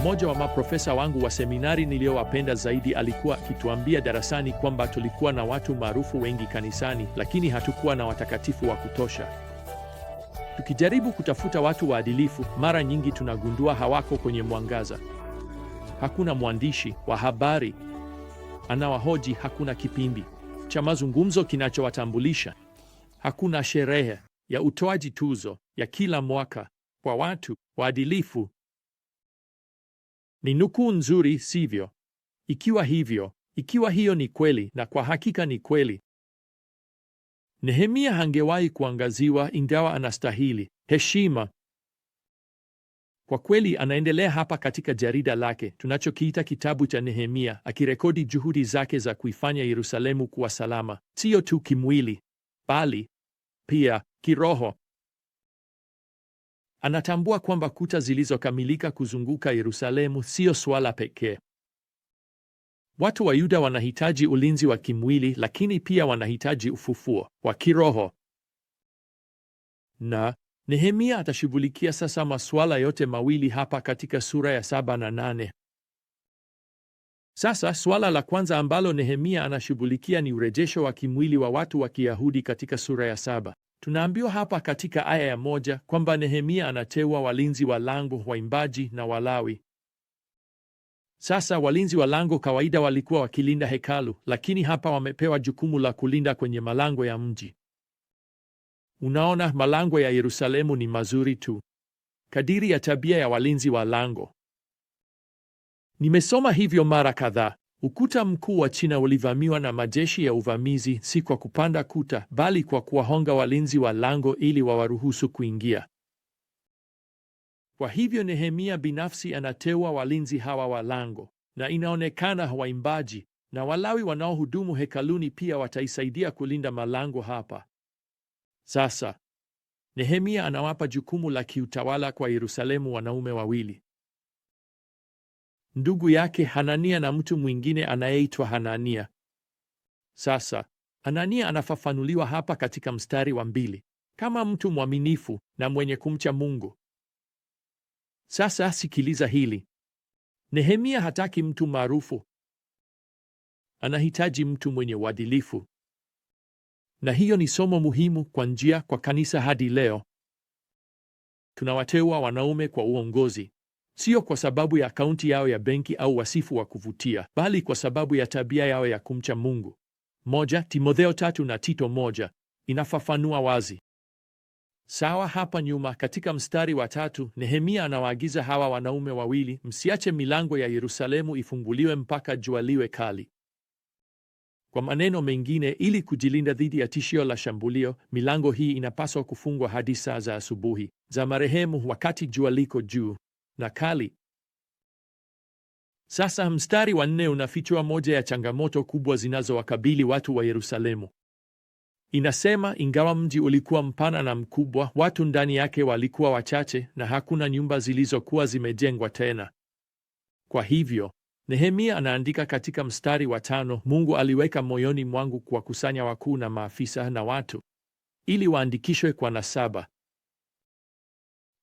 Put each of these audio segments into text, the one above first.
Mmoja wa maprofesa wangu wa seminari niliyowapenda zaidi alikuwa akituambia darasani kwamba tulikuwa na watu maarufu wengi kanisani, lakini hatukuwa na watakatifu wa kutosha. Tukijaribu kutafuta watu waadilifu, mara nyingi tunagundua hawako kwenye mwangaza. Hakuna mwandishi wa habari anawahoji, hakuna kipindi cha mazungumzo kinachowatambulisha, hakuna sherehe ya utoaji tuzo ya kila mwaka kwa watu waadilifu. Ni nukuu nzuri, sivyo? Ikiwa hivyo, ikiwa hiyo ni kweli, na kwa hakika ni kweli, Nehemia hangewahi kuangaziwa, ingawa anastahili heshima. Kwa kweli, anaendelea hapa katika jarida lake tunachokiita kitabu cha Nehemia, akirekodi juhudi zake za kuifanya Yerusalemu kuwa salama, siyo tu kimwili, bali pia kiroho. Anatambua kwamba kuta zilizokamilika kuzunguka Yerusalemu siyo suala pekee. Watu wa Yuda wanahitaji ulinzi wa kimwili, lakini pia wanahitaji ufufuo wa kiroho. Na Nehemia atashughulikia sasa masuala yote mawili hapa katika sura ya saba na nane. Sasa suala la kwanza ambalo Nehemia anashughulikia ni urejesho wa kimwili wa watu wa Kiyahudi katika sura ya saba. Tunaambiwa hapa katika aya ya moja kwamba Nehemia anateua walinzi wa lango, waimbaji na Walawi. Sasa walinzi wa lango kawaida walikuwa wakilinda hekalu, lakini hapa wamepewa jukumu la kulinda kwenye malango ya mji. Unaona, malango ya Yerusalemu ni mazuri tu kadiri ya tabia ya walinzi wa lango. Nimesoma hivyo mara kadhaa. Ukuta mkuu wa China ulivamiwa na majeshi ya uvamizi, si kwa kupanda kuta, bali kwa kuwahonga walinzi wa lango ili wawaruhusu kuingia. Kwa hivyo Nehemia binafsi anateua walinzi hawa wa lango, na inaonekana waimbaji na Walawi wanaohudumu hekaluni pia wataisaidia kulinda malango hapa. Sasa Nehemia anawapa jukumu la kiutawala kwa Yerusalemu wanaume wawili ndugu yake Hanania na mtu mwingine anayeitwa Hanania. Sasa Hanania anafafanuliwa hapa katika mstari wa mbili kama mtu mwaminifu na mwenye kumcha Mungu. Sasa sikiliza hili, Nehemia hataki mtu maarufu, anahitaji mtu mwenye uadilifu, na hiyo ni somo muhimu kwa njia kwa kanisa hadi leo. Tunawateua wanaume kwa uongozi sio kwa sababu ya akaunti yao ya benki au wasifu wa kuvutia, bali kwa sababu ya tabia yao ya kumcha Mungu. Moja Timotheo tatu na Tito moja inafafanua wazi sawa. Hapa nyuma katika mstari wa tatu, Nehemia anawaagiza hawa wanaume wawili, msiache milango ya Yerusalemu ifunguliwe mpaka jua liwe kali. Kwa maneno mengine, ili kujilinda dhidi ya tishio la shambulio, milango hii inapaswa kufungwa hadi saa za asubuhi za marehemu, wakati jua liko juu na kali. Sasa mstari wa nne unafichua moja ya changamoto kubwa zinazowakabili watu wa Yerusalemu. Inasema ingawa mji ulikuwa mpana na mkubwa, watu ndani yake walikuwa wachache na hakuna nyumba zilizokuwa zimejengwa tena. Kwa hivyo, Nehemia anaandika katika mstari wa tano, Mungu aliweka moyoni mwangu kuwakusanya wakuu na maafisa na watu ili waandikishwe kwa nasaba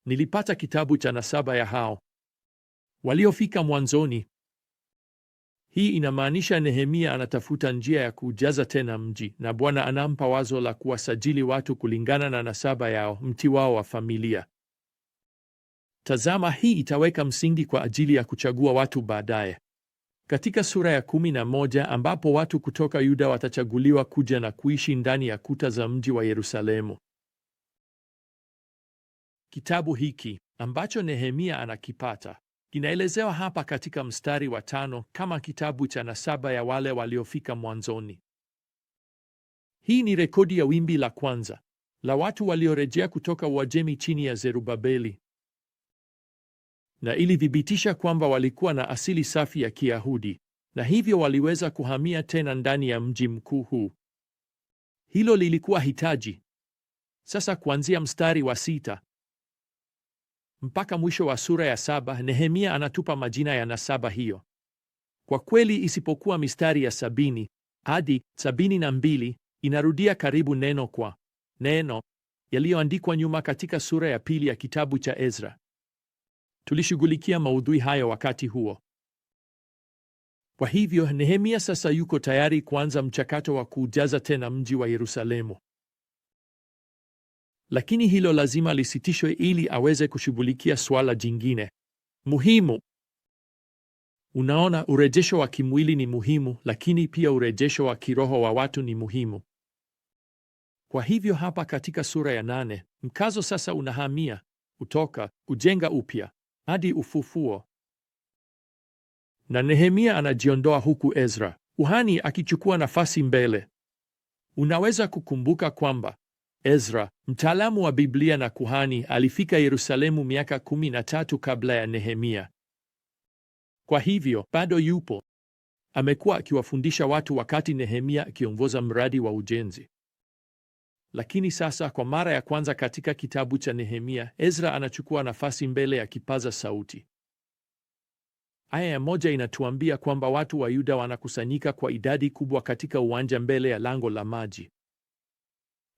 Nilipata kitabu cha nasaba ya hao waliofika mwanzoni. Hii inamaanisha Nehemia anatafuta njia ya kuujaza tena mji, na Bwana anampa wazo la kuwasajili watu kulingana na nasaba yao, mti wao wa familia. Tazama, hii itaweka msingi kwa ajili ya kuchagua watu baadaye katika sura ya kumi na moja ambapo watu kutoka Yuda watachaguliwa kuja na kuishi ndani ya kuta za mji wa Yerusalemu. Kitabu hiki ambacho Nehemia anakipata kinaelezewa hapa katika mstari wa tano kama kitabu cha nasaba ya wale waliofika mwanzoni. Hii ni rekodi ya wimbi la kwanza la watu waliorejea kutoka Uajemi chini ya Zerubabeli, na ilithibitisha kwamba walikuwa na asili safi ya Kiyahudi na hivyo waliweza kuhamia tena ndani ya mji mkuu huu. Hilo lilikuwa hitaji. Sasa kuanzia mstari wa sita mpaka mwisho wa sura ya saba, Nehemia anatupa majina ya nasaba hiyo. Kwa kweli, isipokuwa mistari ya sabini hadi sabini na mbili inarudia karibu neno kwa neno yaliyoandikwa nyuma katika sura ya pili ya kitabu cha Ezra. Tulishughulikia maudhui hayo wakati huo. Kwa hivyo Nehemia sasa yuko tayari kuanza mchakato wa kuujaza tena mji wa Yerusalemu lakini hilo lazima lisitishwe ili aweze kushughulikia swala jingine muhimu. Unaona, urejesho wa kimwili ni muhimu, lakini pia urejesho wa kiroho wa watu ni muhimu. Kwa hivyo hapa katika sura ya nane mkazo sasa unahamia kutoka kujenga upya hadi ufufuo, na Nehemia anajiondoa huku Ezra kuhani akichukua nafasi mbele. Unaweza kukumbuka kwamba Ezra, mtaalamu wa Biblia na kuhani, alifika Yerusalemu miaka kumi na tatu kabla ya Nehemia. Kwa hivyo bado yupo. Amekuwa akiwafundisha watu wakati Nehemia akiongoza mradi wa ujenzi. Lakini sasa kwa mara ya kwanza katika kitabu cha Nehemia, Ezra anachukua nafasi mbele ya kipaza sauti. Aya ya moja inatuambia kwamba watu wa Yuda wanakusanyika kwa idadi kubwa katika uwanja mbele ya lango la maji.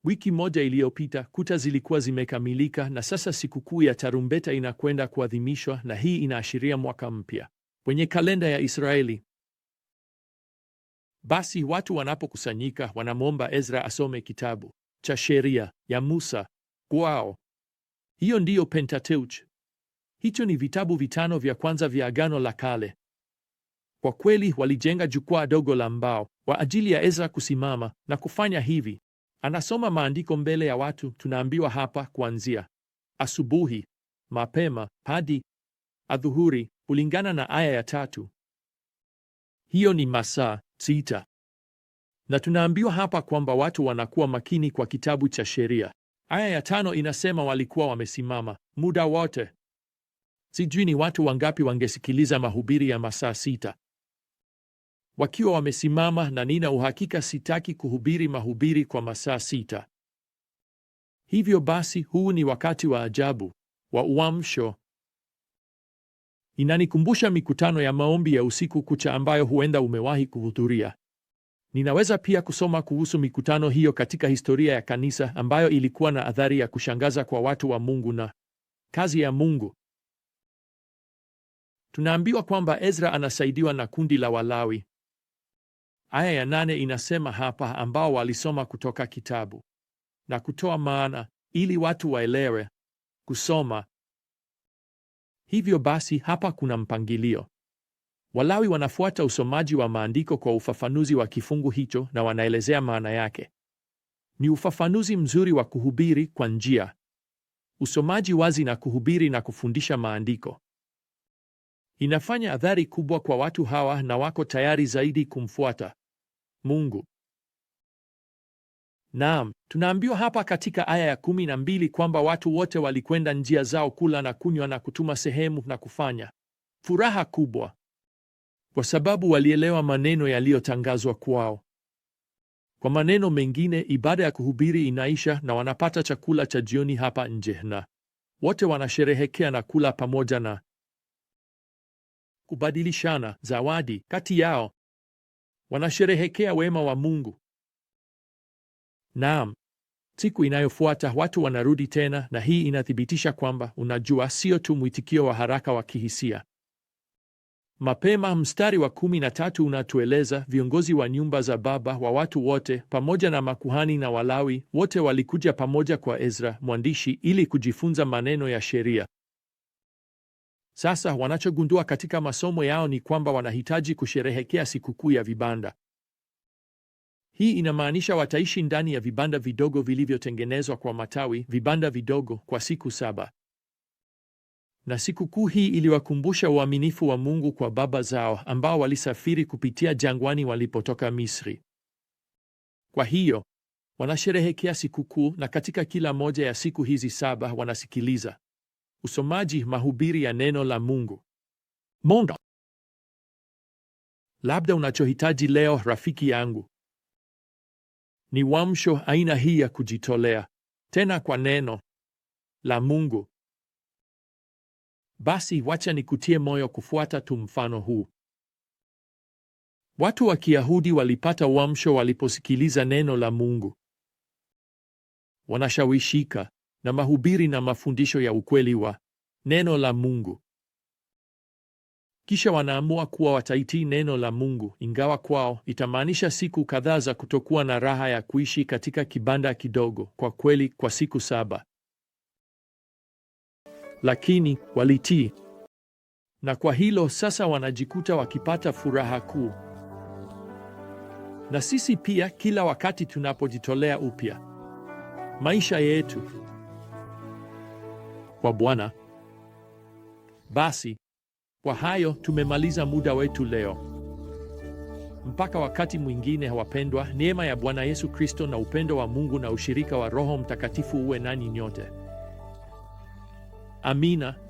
Wiki moja iliyopita kuta zilikuwa zimekamilika na sasa sikukuu ya tarumbeta inakwenda kuadhimishwa, na hii inaashiria mwaka mpya kwenye kalenda ya Israeli. Basi watu wanapokusanyika, wanamwomba Ezra asome kitabu cha sheria ya Musa kwao. Hiyo ndiyo Pentateuch. Hicho ni vitabu vitano vya kwanza vya Agano la Kale. Kwa kweli, walijenga jukwaa dogo la mbao kwa ajili ya Ezra kusimama na kufanya hivi. Anasoma maandiko mbele ya watu, tunaambiwa hapa, kuanzia asubuhi mapema hadi adhuhuri, kulingana na aya ya tatu. Hiyo ni masaa sita, na tunaambiwa hapa kwamba watu wanakuwa makini kwa kitabu cha sheria. Aya ya tano inasema walikuwa wamesimama muda wote. Sijui ni watu wangapi wangesikiliza mahubiri ya masaa sita wakiwa wamesimama, na nina uhakika sitaki kuhubiri mahubiri kwa masaa sita. Hivyo basi, huu ni wakati wa ajabu wa uamsho. Inanikumbusha mikutano ya maombi ya usiku kucha ambayo huenda umewahi kuhudhuria. Ninaweza pia kusoma kuhusu mikutano hiyo katika historia ya kanisa ambayo ilikuwa na athari ya kushangaza kwa watu wa Mungu na kazi ya Mungu. Tunaambiwa kwamba Ezra anasaidiwa na kundi la Walawi Aya ya nane inasema hapa, ambao walisoma kutoka kitabu na kutoa maana, ili watu waelewe kusoma. Hivyo basi, hapa kuna mpangilio. Walawi wanafuata usomaji wa maandiko kwa ufafanuzi wa kifungu hicho na wanaelezea maana yake. Ni ufafanuzi mzuri wa kuhubiri kwa njia usomaji wazi na kuhubiri na kufundisha maandiko inafanya athari kubwa kwa watu hawa na wako tayari zaidi kumfuata Mungu. Naam, tunaambiwa hapa katika aya ya kumi na mbili kwamba watu wote walikwenda njia zao kula na kunywa na kutuma sehemu na kufanya furaha kubwa, kwa sababu walielewa maneno yaliyotangazwa kwao. Kwa maneno mengine, ibada ya kuhubiri inaisha na wanapata chakula cha jioni hapa nje, na wote wanasherehekea na kula pamoja na kubadilishana zawadi kati yao. Wanasherehekea wema wa Mungu. Naam, siku inayofuata watu wanarudi tena, na hii inathibitisha kwamba, unajua, sio tu mwitikio wa haraka wa kihisia. Mapema mstari wa kumi na tatu unatueleza viongozi wa nyumba za baba wa watu wote pamoja na makuhani na Walawi wote walikuja pamoja kwa Ezra mwandishi ili kujifunza maneno ya sheria. Sasa wanachogundua katika masomo yao ni kwamba wanahitaji kusherehekea sikukuu ya vibanda. Hii inamaanisha wataishi ndani ya vibanda vidogo vilivyotengenezwa kwa matawi, vibanda vidogo, kwa siku saba. Na sikukuu hii iliwakumbusha uaminifu wa Mungu kwa baba zao ambao walisafiri kupitia jangwani walipotoka Misri. Kwa hiyo wanasherehekea sikukuu, na katika kila moja ya siku hizi saba wanasikiliza Usomaji mahubiri ya neno la Mungu Monga. Labda unachohitaji leo, rafiki yangu, ni wamsho, aina hii ya kujitolea tena kwa neno la Mungu. Basi wacha nikutie moyo kufuata tu mfano huu. Watu wa Kiyahudi walipata uamsho waliposikiliza neno la Mungu, wanashawishika na mahubiri na mafundisho ya ukweli wa neno la Mungu. Kisha wanaamua kuwa wataitii neno la Mungu, ingawa kwao itamaanisha siku kadhaa za kutokuwa na raha ya kuishi katika kibanda kidogo, kwa kweli kwa siku saba. Lakini walitii, na kwa hilo sasa wanajikuta wakipata furaha kuu. Na sisi pia, kila wakati tunapojitolea upya maisha yetu kwa Bwana. Basi kwa hayo tumemaliza muda wetu leo. Mpaka wakati mwingine, wapendwa, neema ya Bwana Yesu Kristo na upendo wa Mungu na ushirika wa Roho Mtakatifu uwe nani nyote. Amina.